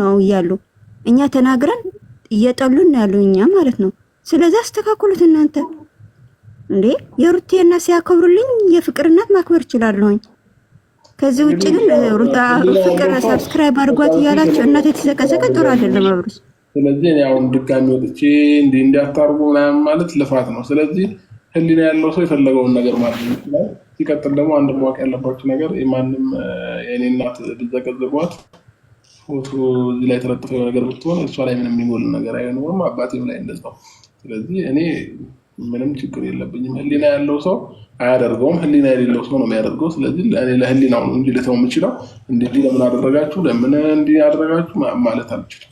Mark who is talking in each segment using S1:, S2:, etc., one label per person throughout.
S1: ነው እያሉ እኛ ተናግረን እየጠሉን ያሉ እኛ ማለት ነው። ስለዚህ አስተካክሉት እናንተ እንዴ የሩቴ ሲያከብሩልኝ የፍቅር ማክበር እችላለሁኝ። ከዚህ ውጭ ግን ሩታ ፍቅር ሰብስክራይብ አድርጓት እያላቸው እናት የተዘቀዘቀ ጥሩ አይደለም አብሩስ።
S2: ስለዚህ ያው አሁን ድጋሚ ወጥቼ እንዲ እንዲያታርጉ ምናምን ማለት ልፋት ነው። ስለዚህ ህሊና ያለው ሰው የፈለገውን ነገር ማለት ይችላል። ሲቀጥል ደግሞ አንድ ማወቅ ያለባችሁ ነገር የማንም የኔ እናት ብዘቀዘቋት ፎቶ እዚህ ላይ ተለጥፎ ነገር ብትሆን እሷ ላይ ምንም የሚጎል ነገር አይኖርም። አባቴም ላይ እንደዛው። ስለዚህ እኔ ምንም ችግር የለብኝም። ህሊና ያለው ሰው አያደርገውም፣ ህሊና የሌለው ሰው ነው የሚያደርገው። ስለዚህ እኔ ለህሊናው ነው እንጂ ልተው የምችለው እንደዚህ ለምን አደረጋችሁ ለምን እንዲህ አደረጋችሁ ማለት አልችልም።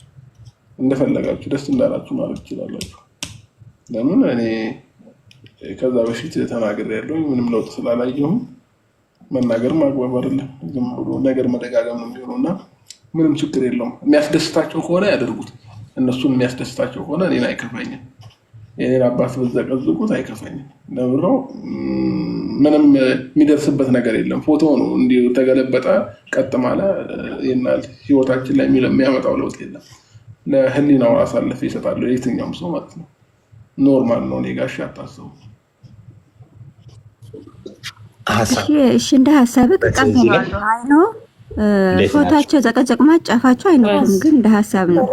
S2: እንደፈለጋችሁ ደስ እንዳላችሁ ማለት ትችላላችሁ። ለምን እኔ ከዛ በፊት ተናግሬ ያለው ምንም ለውጥ ስላላየሁም መናገርም አግባብ አይደለም። ዝም ብሎ ነገር መደጋገም ነው የሚሆነው እና ምንም ችግር የለውም። የሚያስደስታቸው ከሆነ ያደርጉት። እነሱን የሚያስደስታቸው ከሆነ እኔን አይከፋኝም። የኔን አባት በዘቀዝቁት አይከፋኝም። ለብሮ ምንም የሚደርስበት ነገር የለም። ፎቶ ነው እንዲሁ ተገለበጠ ቀጥ ማለ ይናል። ህይወታችን ላይ የሚያመጣው ለውጥ የለም። ለህሊናው አሳልፍ ይሰጣሉ። የትኛውም ሰው ማለት ነው። ኖርማል ነው። እኔ ጋሽ አታስቡ።
S1: እሺ እንደ ሀሳብ ቀጥ ነው ፎታቸው ዘቀዘቅ ማጫፋቸው አይኖርም፣ ግን እንደ ሀሳብ ነው።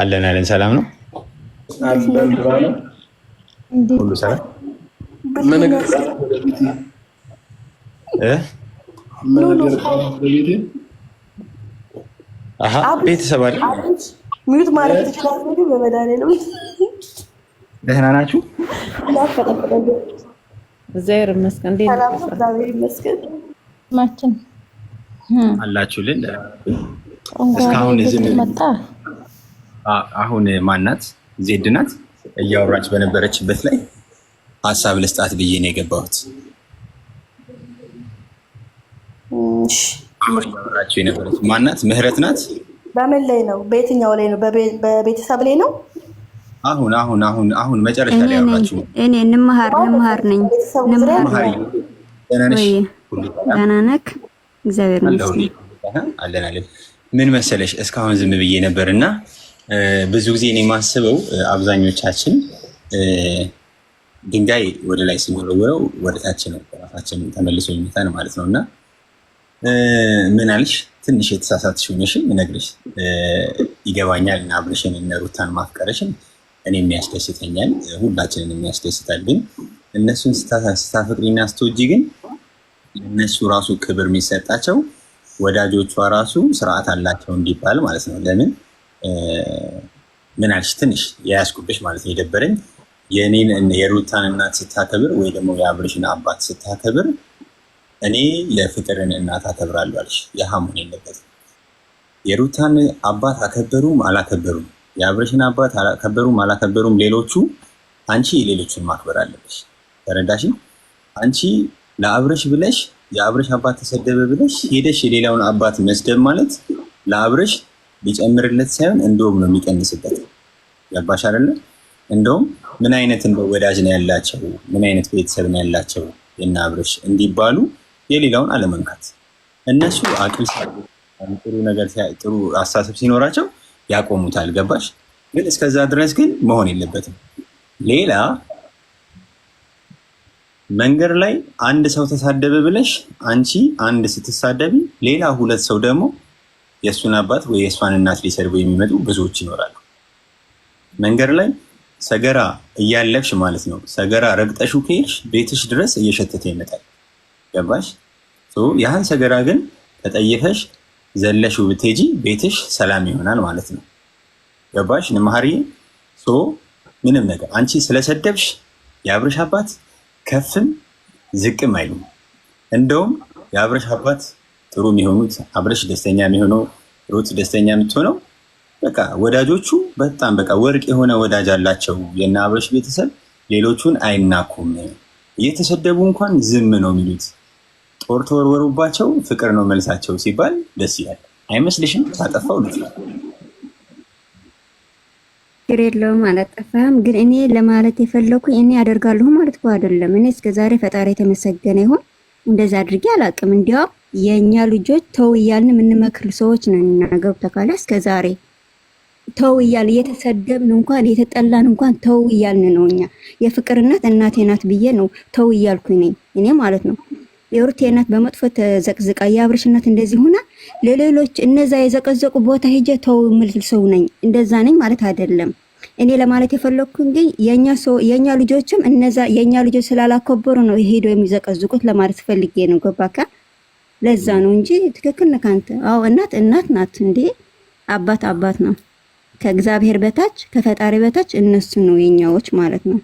S3: አለን አለን። ሰላም ነው። ቤተሰብ አለ።
S1: ሚዩት ማድረግ ትችላለህ። በመድኃኒዓለም
S3: ደህና ናችሁ?
S4: እግዚአብሔር ይመስገን።
S1: ማችን
S3: አላችሁልን እስካሁን አሁን ማናት ዜድ ናት እያወራች በነበረችበት ላይ ሀሳብ ልስጣት ብዬ ነው የገባሁት። ማናት? ምህረት ናት።
S1: በምን ላይ ነው? በየትኛው ላይ ነው? በቤተሰብ ላይ ነው?
S3: አሁን አሁን አሁን አሁን መጨረሻ ላይ ያወራችሁ
S1: እኔ እንምሃር እንምሃር ነኝ። ደህና ነሽ? ደህና ነህ? እግዚአብሔር
S3: ይመስገን አለን አለን። ምን መሰለሽ እስካሁን ዝም ብዬ ነበር እና ብዙ ጊዜ እኔ የማስበው አብዛኞቻችን ድንጋይ ወደ ላይ ሲወረወረው ወደ ታች ነው ራሳችን ተመልሶ ይመታል ማለት ነው። እና ምን አልሽ ትንሽ የተሳሳትሽ ሆነሽን እነግርሽ ይገባኛል እና አብረሽን እነ ሩታን ማፍቀረሽን እኔ የሚያስደስተኛል፣ ሁላችንን የሚያስደስታል። ግን እነሱን ስታፈቅሪና ስትወጂ ግን እነሱ ራሱ ክብር የሚሰጣቸው ወዳጆቿ ራሱ ስርዓት አላቸው እንዲባል ማለት ነው። ለምን ምን አልሽ ትንሽ የያዝኩብሽ ማለት ነው የደበረኝ የእኔን የሩታን እናት ስታከብር ወይ ደግሞ የአብርሽን አባት ስታከብር እኔ የፍቅርን እናት አከብራለሁ አለሽ። የሀሙን የለበት የሩታን አባት አከበሩም አላከበሩም፣ የአብርሽን አባት አከበሩም አላከበሩም ሌሎቹ አንቺ የሌሎቹን ማክበር አለበሽ። ተረዳሽ? አንቺ ለአብረሽ ብለሽ የአብረሽ አባት ተሰደበ ብለሽ ሄደሽ የሌላውን አባት መስደብ ማለት ለአብረሽ ሊጨምርለት ሳይሆን እንደውም ነው የሚቀንስበት። ገባሽ አይደለ? እንደውም ምን አይነት ወዳጅ ነው ያላቸው ምን አይነት ቤተሰብ ነው ያላቸው የእነ አብረሽ እንዲባሉ የሌላውን አለመንካት። እነሱ አቅል ጥሩ ነገር ጥሩ አስተሳሰብ ሲኖራቸው ያቆሙታል። ገባሽ? ግን እስከዛ ድረስ ግን መሆን የለበትም ሌላ መንገድ ላይ አንድ ሰው ተሳደበ ብለሽ አንቺ አንድ ስትሳደቢ ሌላ ሁለት ሰው ደግሞ የእሱን አባት ወይ የእሷን እናት ሊሰድቡ የሚመጡ ብዙዎች ይኖራሉ። መንገድ ላይ ሰገራ እያለፍሽ ማለት ነው። ሰገራ ረግጠሹ ከሄድሽ ቤትሽ ድረስ እየሸተተ ይመጣል። ገባሽ? ያህን ሰገራ ግን ተጠይፈሽ ዘለሽ ብትሄጂ ቤትሽ ሰላም ይሆናል ማለት ነው። ገባሽ? ንመሀሪ ምንም ነገር አንቺ ስለሰደብሽ የአብርሽ አባት ከፍም ዝቅም አይሉም። እንደውም የአብረሽ አባት ጥሩ የሚሆኑት አብረሽ ደስተኛ የሚሆነው ሩት ደስተኛ የምትሆነው በቃ ወዳጆቹ በጣም በቃ ወርቅ የሆነ ወዳጅ አላቸው። የእነ አብረሽ ቤተሰብ ሌሎቹን አይናኩም። እየተሰደቡ እንኳን ዝም ነው የሚሉት። ጦር ተወርወሩባቸው፣ ፍቅር ነው መልሳቸው ሲባል ደስ ይላል። አይመስልሽም? ታጠፋው ልጅ
S1: ችግር የለውም አላጠፋህም። ግን እኔ ለማለት የፈለኩ እኔ አደርጋለሁ ማለት እኮ አይደለም። እኔ እስከ ዛሬ ፈጣሪ የተመሰገነ ይሁን እንደዛ አድርጌ አላውቅም። እንዲያው የእኛ ልጆች ተው እያልን የምንመክር ሰዎች ነን። እስከ ዛሬ ተው እያልን እየተሰደብን እንኳን የተጠላን እንኳን ተው እያልን ነው። እኛ የፍቅር እናት እናቴ ናት ብዬ ነው ተው እያልኩኝ ነኝ እኔ ማለት ነው የሩት እናት በመጥፎ ተዘቅዝቃ የአብርሽ እናት እንደዚህ ሆና ለሌሎች እነዛ የዘቀዘቁ ቦታ ሄጀ ተው ምልል ሰው ነኝ እንደዛ ነኝ ማለት አይደለም። እኔ ለማለት የፈለኩ እንጂ የኛ ሰው የኛ ልጆችም እነዛ የኛ ልጆች ስላላከበሩ ነው ሄዶ የሚዘቀዝቁት ለማለት ፈልጌ ነው። ገባካ? ለዛ ነው እንጂ ትክክል ነህ አንተ። አዎ እናት እናት ናት እንዴ አባት አባት ነው። ከእግዚአብሔር በታች ከፈጣሪ በታች እነሱ ነው የኛዎች ማለት ነው።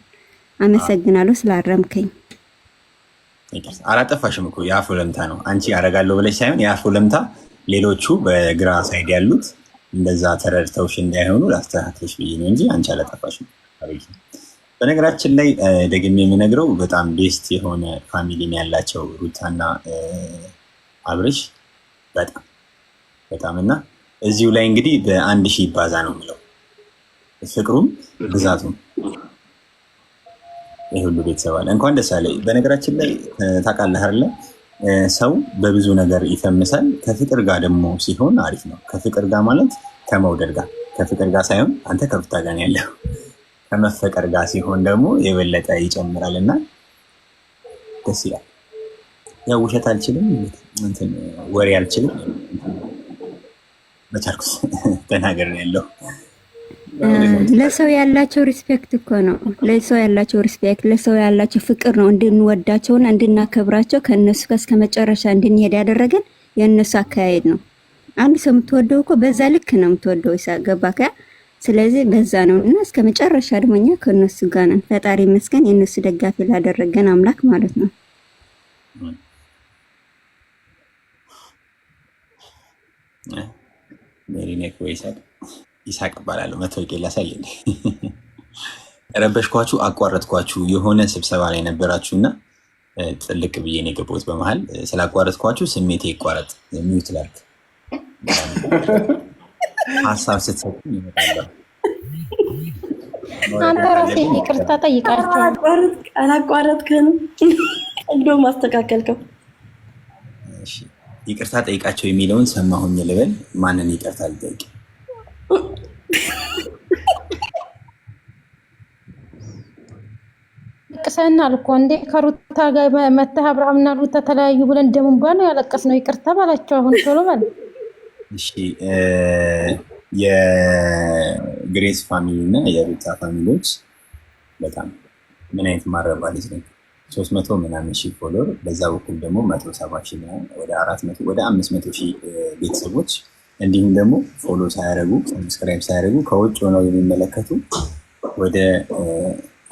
S1: አመሰግናለሁ ስላረምከኝ።
S3: አላጠፋሽም እኮ የአፍ ለምታ ነው። አንቺ አረጋለሁ ብለሽ ሳይሆን የአፍ ለምታ ሌሎቹ በግራ ሳይድ ያሉት እንደዛ ተረድተውሽ እንዳይሆኑ ላስተካክልሽ ብዬ ነው እንጂ አንቺ አላጠፋሽም። በነገራችን ላይ ደግሜ የምነግረው በጣም ቤስት የሆነ ፋሚሊን ያላቸው ሩታና አብርሽ በጣም በጣም እና እዚሁ ላይ እንግዲህ በአንድ ሺህ ይባዛ ነው የምለው ፍቅሩም ብዛቱም ይህ ሁሉ ቤተሰብ አለ። እንኳን ደስ አለ። በነገራችን ላይ ታውቃለህ አይደለ ሰው በብዙ ነገር ይፈምሳል። ከፍቅር ጋር ደግሞ ሲሆን አሪፍ ነው። ከፍቅር ጋር ማለት ከመውደድ ጋር ከፍቅር ጋር ሳይሆን አንተ ከፍታ ጋር ያለው ከመፈቀር ጋር ሲሆን ደግሞ የበለጠ ይጨምራል እና ደስ ይላል። ያው ውሸት አልችልም፣ ወሬ አልችልም። በቻልኩት ተናገር ያለው
S1: ለሰው ያላቸው ሪስፔክት እኮ ነው። ለሰው ያላቸው ሪስፔክት፣ ለሰው ያላቸው ፍቅር ነው እንድንወዳቸውና እንድናከብራቸው ከእነሱ ጋር እስከ መጨረሻ እንድንሄድ ያደረገን የእነሱ አካሄድ ነው። አንድ ሰው የምትወደው እኮ በዛ ልክ ነው የምትወደው። ይሳ ገባከ? ስለዚህ በዛ ነው እና እስከ መጨረሻ ደግሞ እኛ ከእነሱ ጋር ነን። ፈጣሪ ይመስገን የእነሱ ደጋፊ ላደረገን አምላክ ማለት ነው።
S3: ሜሪኔክ ወይሳቅ ይሳቅ እባላለሁ። መታወቂያ ላሳየን። ረበሽኳችሁ፣ አቋረጥኳችሁ። የሆነ ስብሰባ ላይ ነበራችሁ እና ጥልቅ ብዬን ነው የገባሁት። በመሀል ስላቋረጥኳችሁ ስሜቴ ይቋረጥ ሚዩት ላድርግ። ሀሳብ ስትሰጡ
S1: አንተ ራስህ ይቅርታ ጠይቃቸው። አላቋረጥከንም፣ እንደውም አስተካከልከው።
S3: ይቅርታ ጠይቃቸው የሚለውን ሰማሁኝ ልበል። ማንን ይቅርታ ልጠይቅ?
S1: አልቅሰናል እኮ እንዴ ከሩታ ጋር መተህ አብርሃምና ሩታ ተለያዩ ብለን ደሙንባ ነው ያለቀስ ነው። ይቅርታ ባላቸው አሁን ቶሎ በል
S3: እሺ። የግሬስ ፋሚሊ እና የሩታ ፋሚሊዎች በጣም ምን አይነት ማረባ ልጅ ነው። ሶስት መቶ ምናምን ሺህ ፎሎር በዛ በኩል ደግሞ መቶ ሰባ ሺህ ወደ አራት መቶ ወደ አምስት መቶ ሺህ ቤተሰቦች እንዲሁም ደግሞ ፎሎ ሳያደርጉ ሰብስክራይብ ሳያደርጉ ከውጭ ሆነው የሚመለከቱ ወደ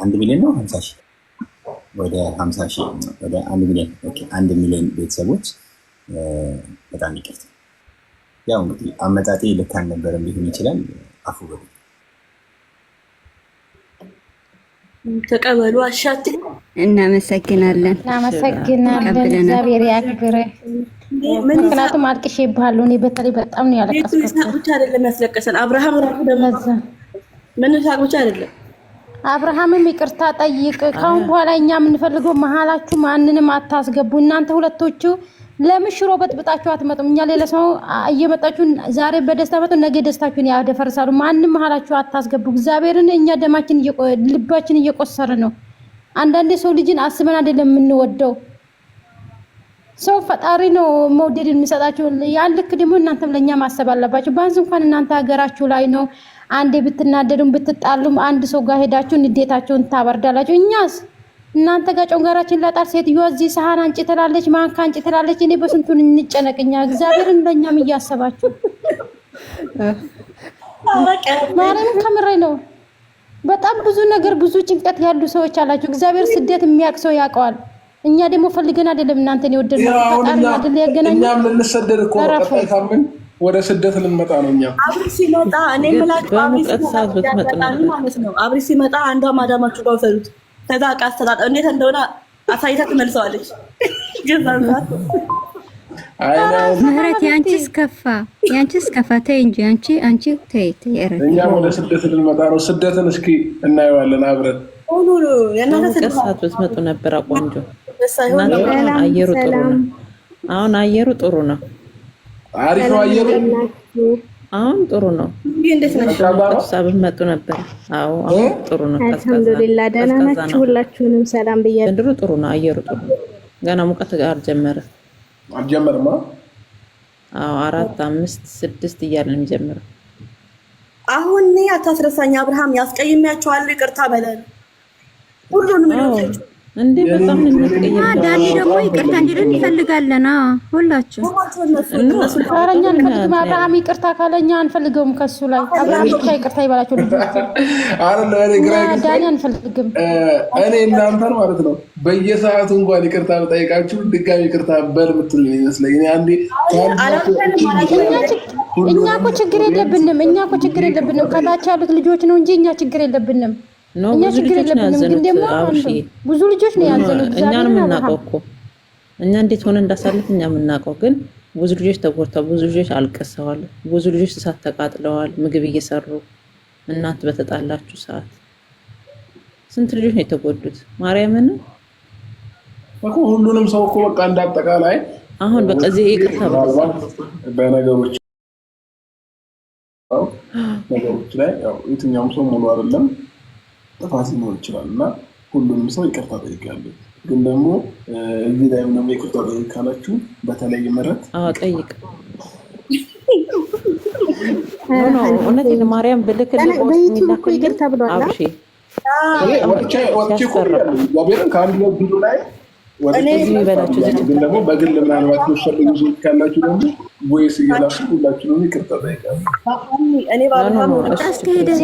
S3: አንድ ሚሊዮን ነው ሀምሳ ሺህ ወደ ሀምሳ ሺህ ወደ አንድ ሚሊዮን አንድ ሚሊዮን ቤተሰቦች በጣም ይቅርት። ያው እንግዲህ አመጣጤ ልክ አልነበረም ሊሆን ይችላል። አፉ በ
S1: ተቀበሉ አሻት
S4: እናመሰግናለን።
S1: እናመሰግናለን። እግዚአብሔር ያክብር። ምክንያቱም አልቅሼ ይባሉ እኔ በተለይ በጣም ነው ያለቀስኩት። ብቻ አይደለም ያስለቀሰን አብርሃም ራሱ ደሞ መነሳቅ ብቻ አይደለም አብርሃምም ይቅርታ ጠይቅ። ካሁን በኋላ እኛ የምንፈልገው መሀላችሁ ማንንም አታስገቡ። እናንተ ሁለቶቹ ለምን ሽሮ በጥብጣችሁ አትመጡም? እኛ ሌላ ሰው እየመጣችሁ ዛሬ በደስታ መጡ፣ ነገ ደስታችሁን ያደፈርሳሉ። ማንም መሀላችሁ አታስገቡ። እግዚአብሔርን እኛ ደማችን ልባችን እየቆሰረ ነው። አንዳንዴ ሰው ልጅን አስበን አይደለም የምንወደው። ሰው ፈጣሪ ነው መውደድ የሚሰጣችሁ። ያን ልክ ደግሞ እናንተም ለእኛ ማሰብ አለባችሁ። በአንዝ እንኳን እናንተ ሀገራችሁ ላይ ነው አንዴ ብትናደዱም ብትጣሉም አንድ ሰው ጋር ሄዳችሁ ንዴታችሁን ታበርዳላችሁ። እኛስ እናንተ ጋር ጮንጋራችን ላጣር ሴትዮዋ እዚህ ሰሃን አንጭ ትላለች፣ ማንካ አንጭ ትላለች። እኔ በስንቱን እንጨነቅኛ እግዚአብሔርን ለእኛም እያሰባችሁ ማርያምን ከምሬ ነው። በጣም ብዙ ነገር ብዙ ጭንቀት ያሉ ሰዎች አላችሁ። እግዚአብሔር ስደት የሚያውቅ ሰው ያውቀዋል። እኛ ደግሞ ፈልገን አይደለም እናንተን የወደድነው
S2: ፈጣሪ አይደል ያገናኘን። ወደ ስደት ልንመጣ ነው። እኛ
S1: አብሪ ሲመጣ እኔ የምላችሁ አብሪ ሲመጣ አንዷ ማዳማችሁ ጋር ውሰዱት። ከዛ ዕቃ አስተጣጣ እንዴት እንደሆነ አሳይታ ትመልሰዋለች።
S4: ምህረት የአንቺስ ከፋ፣ የአንቺስ ከፋ። ተይ እንጂ አንቺ አንቺ ተይ ተይ።
S2: እኛም ወደ ስደት ልንመጣ ነው። ስደትን እስኪ እናየዋለን አብረን።
S4: ቀሳት ብትመጡ ነበር ቆንጆ። አየሩ ጥሩ ነው። አሁን አየሩ ጥሩ ነው።
S2: አሪፍ ነው አየሩ።
S4: አሁን ጥሩ ነው። ሳብር መጡ ነበር። አዎ አሁን ጥሩ ነው።
S1: አልሐምዱሊላህ ደህና ናችሁ? ሁላችሁንም ሰላም ብያለሁ።
S4: ዘንድሮ ጥሩ ነው አየሩ ጥሩ ገና ሙቀት አልጀመረም አልጀመረም። አዎ አራት አምስት ስድስት እያለ ነው የሚጀምረው።
S1: አሁን አታስረሳኝ አብርሃም፣ ያስቀይሚያቸዋለሁ። ይቅርታ በለን ሁሉንም ነው
S4: እንዴ በጣም ነው የሚቀየረው።
S1: ዳኒ ደግሞ ይቅርታ እንዲልን እንፈልጋለን። ሁላችሁ ታረኛ እንፈልግም። አብርሃም ይቅርታ ካለኛ አንፈልገውም። ከሱ ላይ አብርሃም ብቻ ይቅርታ ይባላችሁ። ዳኒ አንፈልግም።
S2: እኔ እናንተን ማለት ነው በየሰዓቱ እንኳን ይቅርታ በጠይቃችሁ ድጋሚ ይቅርታ በል ምትሉ ይመስለኝ። አንዴ
S1: እኛ እኮ ችግር የለብንም። እኛ እኮ ችግር የለብንም። ከታች ያሉት ልጆች ነው እንጂ እኛ ችግር የለብንም።
S4: ነው ብዙ ልጆች ነው ያዘኑት። አብርሽ
S1: ብዙ ልጆች ነው ያዘኑት።
S4: እኛንም እናውቀው እኮ እኛ እንዴት ሆነ እንዳሳለፍ እኛ የምናውቀው ግን ብዙ ልጆች ተጎድተዋል። ብዙ ልጆች አልቅሰዋል። ብዙ ልጆች እሳት ተቃጥለዋል። ምግብ እየሰሩ እናንተ በተጣላችሁ ሰዓት ስንት ልጆች ነው የተጎዱት? ማርያምን
S2: እኮ ሁሉንም ሰው እኮ በቃ እንዳጠቃላይ
S4: አሁን በቃ እዚህ ይቅርታ
S2: በነገሮች ነገሮች ላይ ያው የትኛውም ሰው ሙሉ አይደለም ጥፋት ሊኖር ይችላል እና ሁሉንም ሰው ይቅርታ ጠይቃለ። ግን ደግሞ እዚህ ላይም ደግሞ ይቅርታ ጠይቅ ካላችሁ በተለይ ምረት
S4: ጠይቅ እውነት ማርያም ብልክልቆሚላክልግን አብሽ
S2: ወጥቼ ቆያለሁ ከአንድ ብዙ ላይ ደግሞ በግል ምናልባት መፈለግ ካላችሁ ደግሞ ወይስ እየላችሁ ሁላችሁንም ይቅርታ ጠይቃለሁ።
S1: አስከሄደህ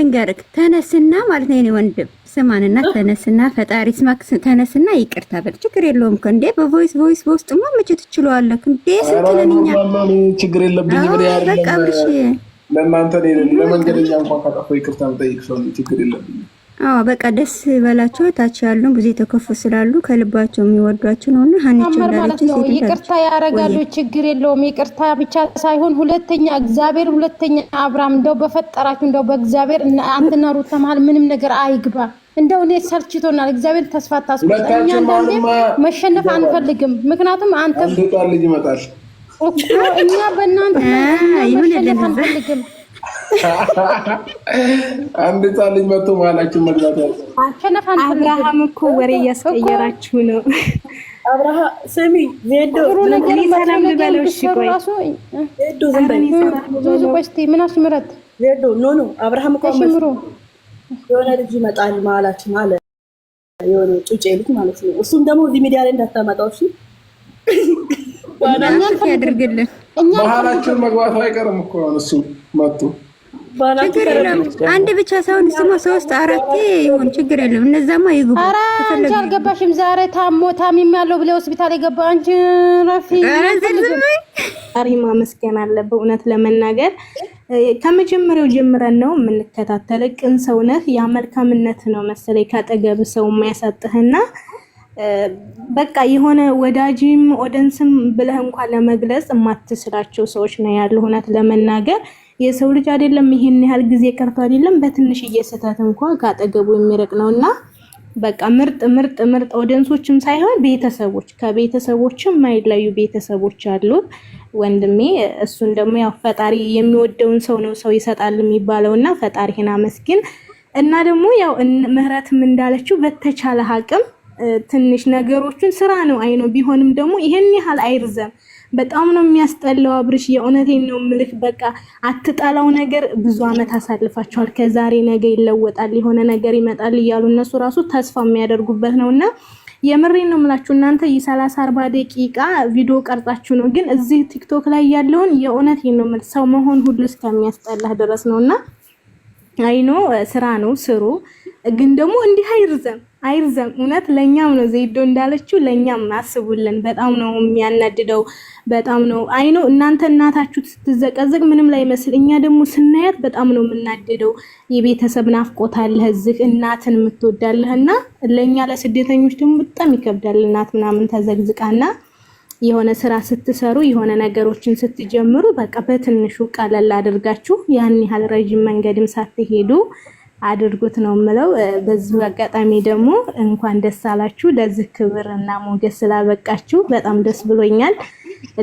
S1: ልንገርህ ተነስና ማለት ነው የኔ ወንድም ስማንና ተነስና ፈጣሪ ስማክ ተነስና ይቅርታ በል። ችግር የለውም እኮ እንዴ በቮይስ ቮይስ በውስጥ ማ መቼ ትችለዋለህ እንዴ? ስንት ነን
S2: ችግር የለብኝ
S1: ብለ በቃ አብርሽ፣
S2: ለእናንተ ለመንገደኛ እንኳን ካጠፋ ይቅርታ ጠይቅ ሰው ችግር የለብኝ
S1: አዎ በቃ ደስ በላቸው። ታች ያሉ ብዙ የተከፉ ስላሉ ከልባቸው የሚወዷቸው ነውና እና ሀኒቾ ማለት ነው ይቅርታ ያደርጋሉ። ችግር የለውም። ይቅርታ ብቻ ሳይሆን ሁለተኛ እግዚአብሔር ሁለተኛ አብርሃም፣ እንደው በፈጠራችሁ እንደው በእግዚአብሔር አንተና ሩት መሀል ምንም ነገር አይግባ። እንደው እኔ ሰልችቶናል። እግዚአብሔር ተስፋ ታስቆጣ። እኛ አንዳንዴ መሸነፍ አንፈልግም። ምክንያቱም አንተ
S2: ልጅ ይመጣል
S1: እኛ በእናንተ
S4: መሸነፍ አንፈልግም።
S2: አንድ ጻ ልጅ መጥቶ መሀላችን መግባት ያለ
S1: አብርሃም እኮ ወሬ እያስቀየራችሁ ነው። ስሚ ዜዶ ሰላም ልበለው። እሺ ቆይ ዙዙ ቆይ እስኪ ምን አስምረት ዜዶ ኖ ኖ አብርሃም እኮ ምሮ የሆነ ልጅ ይመጣል መሀላችን አለ የሆነ ጩጬ ልጅ ማለት ነው። እሱም ደግሞ እዚህ ሚዲያ ላይ እንዳታመጣው እሺ።
S4: ያደርግልን
S2: መሀላችን መግባቱ አይቀርም እኮ እሱ መጡ።
S1: ችግር የለም። አንድ ብቻ ሳይሆን ስሞ ሶስት አራት ይሁን ችግር የለም። እነዛማ ይግቡ። ኧረ አንቺ አልገባሽም። ዛሬ ታሞ ታሚም ያለው ብለ ሆስፒታል የገባ አንቺ ረፊ ሪማ መስገን አለ። በእውነት ለመናገር ከመጀመሪያው ጀምረን ነው የምንከታተለ። ቅን ሰውነት ያ መልካምነት ነው መሰለኝ ካጠገብ ሰው የማያሳጥህና በቃ የሆነ ወዳጅም ኦደንስም ብለህ እንኳን ለመግለጽ የማትስላቸው ሰዎች ነው ያሉ እውነት ለመናገር የሰው ልጅ አይደለም ይሄን ያህል ጊዜ ቀርቶ አይደለም በትንሽ እየስተት እንኳን ከአጠገቡ የሚርቅ ነውና በቃ ምርጥ ምርጥ ምርጥ ኦዲየንሶችም ሳይሆን ቤተሰቦች ከቤተሰቦችም ማይለዩ ቤተሰቦች አሉ ወንድሜ እሱን ደግሞ ያው ፈጣሪ የሚወደውን ሰው ነው ሰው ይሰጣል የሚባለውና ፈጣሪህን አመስግን እና ደግሞ ያው ምህረትም እንዳለችው በተቻለ አቅም ትንሽ ነገሮቹን ስራ ነው አይ ነው ቢሆንም ደግሞ ይሄን ያህል አይርዘም። በጣም ነው የሚያስጠላው። አብርሽ የእውነቴን ነው ምልክ። በቃ አትጠላው ነገር ብዙ አመት አሳልፋቸዋል። ከዛሬ ነገ ይለወጣል፣ የሆነ ነገር ይመጣል እያሉ እነሱ ራሱ ተስፋ የሚያደርጉበት ነው እና የምሬ ነው የምላችሁ እናንተ የሰላሳ አርባ ደቂቃ ቪዲዮ ቀርጻችሁ ነው፣ ግን እዚህ ቲክቶክ ላይ ያለውን የእውነት ነው የምልህ ሰው መሆን ሁሉ እስከሚያስጠላህ ድረስ ነው እና አይኖ ስራ ነው ስሩ ግን ደግሞ እንዲህ አይርዘም አይርዘም። እውነት ለእኛም ነው ዘይዶ እንዳለችው ለእኛም አስቡልን። በጣም ነው የሚያናድደው። በጣም ነው አይ ነው እናንተ እናታችሁ ስትዘቀዘቅ ምንም ላይ መስል፣ እኛ ደግሞ ስናያት በጣም ነው የምናድደው። የቤተሰብ ናፍቆት አለህ እዚህ እናትን የምትወዳለህ እና ለእኛ ለስደተኞች ደግሞ በጣም ይከብዳል። እናት ምናምን ተዘግዝቃና የሆነ ስራ ስትሰሩ የሆነ ነገሮችን ስትጀምሩ በቃ በትንሹ ቀለል አድርጋችሁ ያን ያህል ረዥም መንገድም ሳትሄዱ አድርጉት ነው የምለው። በዚሁ አጋጣሚ ደግሞ እንኳን ደስ አላችሁ ለዚህ ክብር እና ሞገስ ስላበቃችሁ በጣም ደስ ብሎኛል።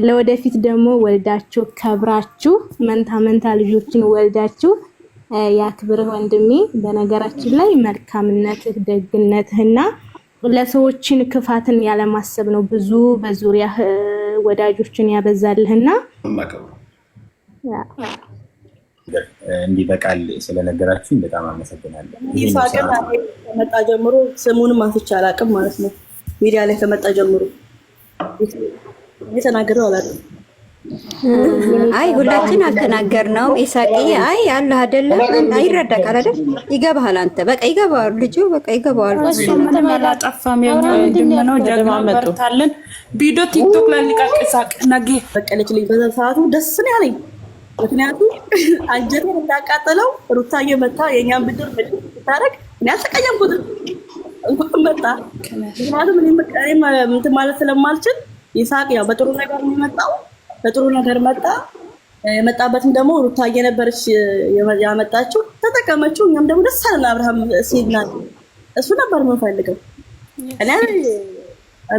S1: ለወደፊት ደግሞ ወልዳችሁ ከብራችሁ መንታ መንታ ልጆችን ወልዳችሁ ያክብርህ ወንድሜ። በነገራችን ላይ መልካምነትህ ደግነትህና ለሰዎችን ክፋትን ያለማሰብ ነው ብዙ በዙሪያ ወዳጆችን ያበዛልህና
S3: እንዲበቃል ስለነገራችሁኝ በጣም አመሰግናለሁ።
S1: ከመጣ ጀምሮ ስሙንም አፍቼ አላውቅም ማለት ነው። ሚዲያ ላይ ከመጣ ጀምሮ የተናገረው አላውቅም። አይ ሁላችን አልተናገር ነው ኢሳቅዬ አይ አለ አይደለም ይረዳቃል አይደል? ይገባሃል አንተ በቃ ይገባዋል፣ ልጁ በቃ ይገባዋል።
S4: ምንም አላጠፋም። ያኛው ወንድም ነው። ጀግማ መርታለን። ቪዲዮ ቲክቶክ ላይ ሊቃቅ ኢሳቅ ነገ
S1: በቀለችልኝ። በዛ ሰዓቱ ደስ ነው ያለኝ ምክንያቱም አንጀቴን እንዳቃጠለው ሩታ እየመታ የእኛን ብድር ብታረግ እኔ አልተቀየምኩትም። መጣ። ምክንያቱም እንትን ማለት ስለማልችል ይሳቅ ያው በጥሩ ነገር የሚመጣው በጥሩ ነገር መጣ። የመጣበትም ደግሞ ሩታ እየነበረች ያመጣችው ተጠቀመችው። እኛም ደግሞ ደስ አለን። አብርሃም ሲድና እሱ ነበር የምንፈልገው። እኔ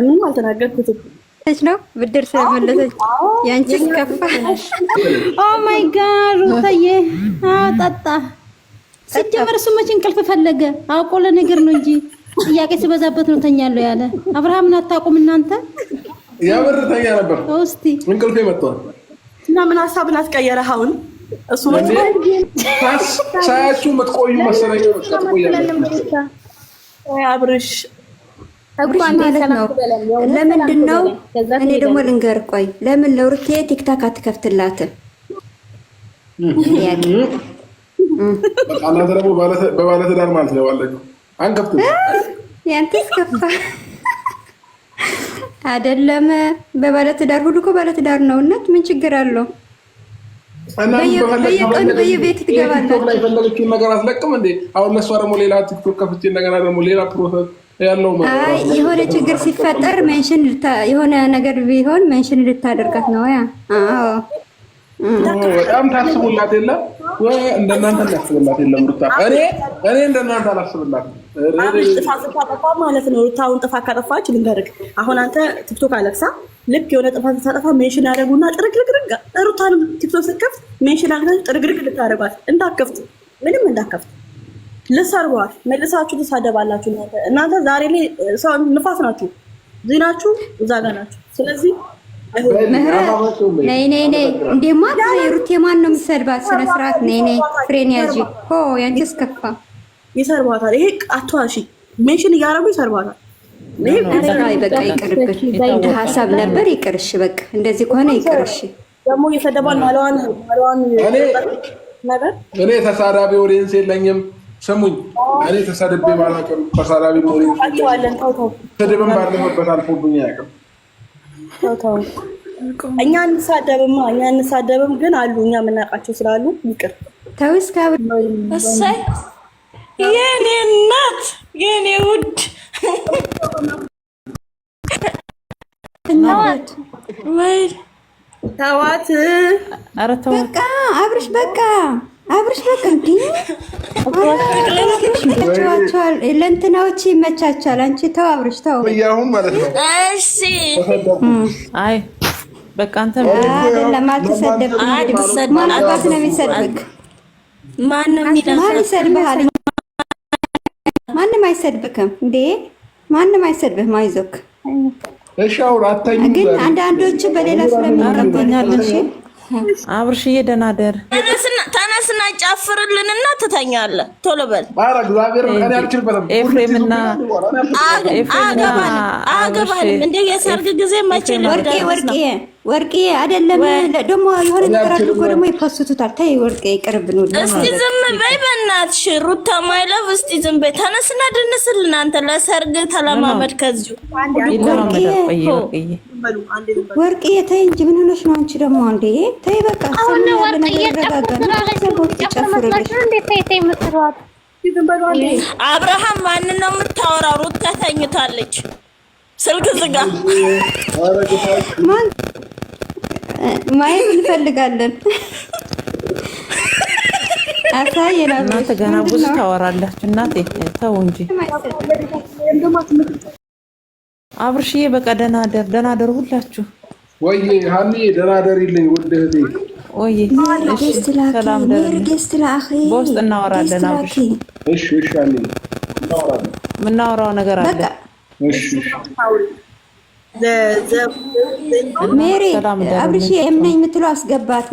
S1: ምንም አልተናገርኩትም።
S4: ስለመለሰች ነው ብድር ስለመለሰች ያንቺስ ከፋ።
S1: ኦ ማይ ጋድ ሩታዬ አጣጣ ሲጀመር እሱ መች እንቅልፍ ፈለገ? አውቆ ለነገር ነው እንጂ ጥያቄ ሲበዛበት ነው ተኛለሁ ያለ። አብርሃምን አታውቁም እናንተ?
S2: ያምር ተኛ ነበር እስቲ እንቅልፌ መጥቷል።
S1: እና ምን ሀሳብን አስቀየረ አሁን እሱ
S2: ሳያችሁ መትቆዩ መሰለኝ።
S1: አብርሽ ፀጉርሽ ማለት ነው። ለምንድን ነው እኔ ደግሞ ልንገርህ፣ ቆይ ለምን ለውርቴ ቲክታክ አትከፍትላትም?
S2: እናንተ ደግሞ በባለትዳር ማለት ነው አለ አንከፍት
S1: ያንተስ ከፋ አይደለም። በባለትዳር ሁሉ እኮ ባለትዳር ነው። እናት ምን ችግር አለው? በየቀኑ በየቤት ትገባለች።
S2: የፈለገችውን ነገር አትለቅም እንዴ? አሁን ለእሷ ደግሞ ሌላ ቲክቶክ ከፍቼ እንደገና ደግሞ ሌላ ፕሮሰስ
S1: የሆነ ችግር ሲፈጠር ሜንሽን የሆነ ነገር ቢሆን ሜንሽን ልታደርጋት ነው። ያ
S2: በጣም ታስቡላት የለ ወይ? እንደናንተ እናስብላት የለም። ሩታ እኔ እኔ እንደናንተ አላስብላት
S1: ስታጠፋ ማለት ነው። ሩታውን ጥፋ ካጠፋች ልንገርህ፣ አሁን አንተ ቲክቶክ አለቅሳ ልክ የሆነ ጥፋት ስታጠፋ ሜንሽን ያደርጉና ጥርግርግርግ፣ ሩታንም ቲክቶክ ስትከፍት ሜንሽን አግኝታችሁ ጥርግርግ ልታደርጓት። እንዳከፍት ምንም እንዳከፍት ልሰርቧል መልሳችሁ ትሳደባላችሁ። እናንተ ዛሬ ላይ ሰው ንፋስ ናችሁ፣ ዜናችሁ እዛ ጋ ናችሁ። ስለዚህ
S4: ነይ ነይ ነይ እንዴማ ሩቴ ማን ነው የምትሰድባት? ስነ ስርዓት ነይ ነይ ፍሬን ያዥ። ሆ ያንቺስ ከፋ
S1: ይሰርቧታል። ይሄ አቷሺ ሜንሽን እያረጉ ይሰርባታል።
S4: በቃ ይቅርብሽ፣ እንደ ሀሳብ ነበር ይቅርሽ። በቃ እንደዚህ ከሆነ ይቅርሽ።
S1: ደግሞ እየሰደባል ማለዋን ማለዋን
S2: ነገር እኔ ተሳዳቢ ኦዲየንስ የለኝም ስሙኝ እኔ ተሰድቤ ባላውቅም ተሳዳቢ ስድብም ባለፈበት አልፎብኝ
S1: አያውቅም። እኛ እንሳደብማ እኛ እንሳደብም ግን አሉ እኛ የምናውቃቸው ስላሉ ይቅር ተውስ እሰይ የኔ እናት የኔ ውድ ተዋት። ኧረ ተዋት በቃ አብርሽ በቃ አብርሽ በቃ እንዲ ይመቸዋቸዋል፣ ለእንትናዎች ይመቻቻል። አንቺ ተው አብርሽ ተው። አሁን ማለት ነው እሺ።
S4: አይ በቃ አንተ
S1: አይደለም፣ አትሰደብ። ማን አባት ነው የሚሰድብክ? ማን ይሰድብሃል። ማንም አይሰድብክም እንዴ! ማንም አይሰድብህም። አይዞክ ግን አንዳንዶቹ በሌላ ስለሚቀበሉኛል።
S4: አብርሽዬ ደህና ደር
S1: ትቀነስ እና ጨፍርልን እና ቶሎ በል ኤፍሬምና እንደ የሰርግ ጊዜ መቼ ወርቄ ወርቄ ወርቄ አይደለም ደግሞ የሆነ ነገር አድርጎ ደግሞ ይፈሱቱታል። ተይ ወርቄ ይቅርብ ነው። እስቲ ዝም በይ በእናትሽ ሩታ ማይለፍ። እስቲ ዝም በይ ተነስና ድንስል እናንተ ለሰርግ ተለማመድ። ከዚሁ ወርቄ ተይ እንጂ ምን ሆነሽ ነው አንቺ? ደግሞ አንዴ ተይ በቃ አሁን ወርቄ እየጠቁ አብርሃም ማንን ነው የምታወራው? ሩታ ተኝታለች። ስልክ ዝጋ። ማየት እንፈልጋለን። አሳየና።
S4: እናንተ ገና ብዙ ታወራላችሁ። እናቴ ተው እንጂ አብርሽዬ። በቃ ደህና ደር፣ ደህና ደር ሁላችሁ።
S2: ወይ ሀኒ ደህና ደር ይለኝ ውድ እህቴ።
S4: ወይ
S1: ሰላም ደር።
S4: በውስጥ እናወራለን አብርሽ። እሺ እሺ፣ ሀኒ የምናወራው ነገር አለ
S1: ሜሪ አብርሽ የምናኝ የምትለው አስገባት።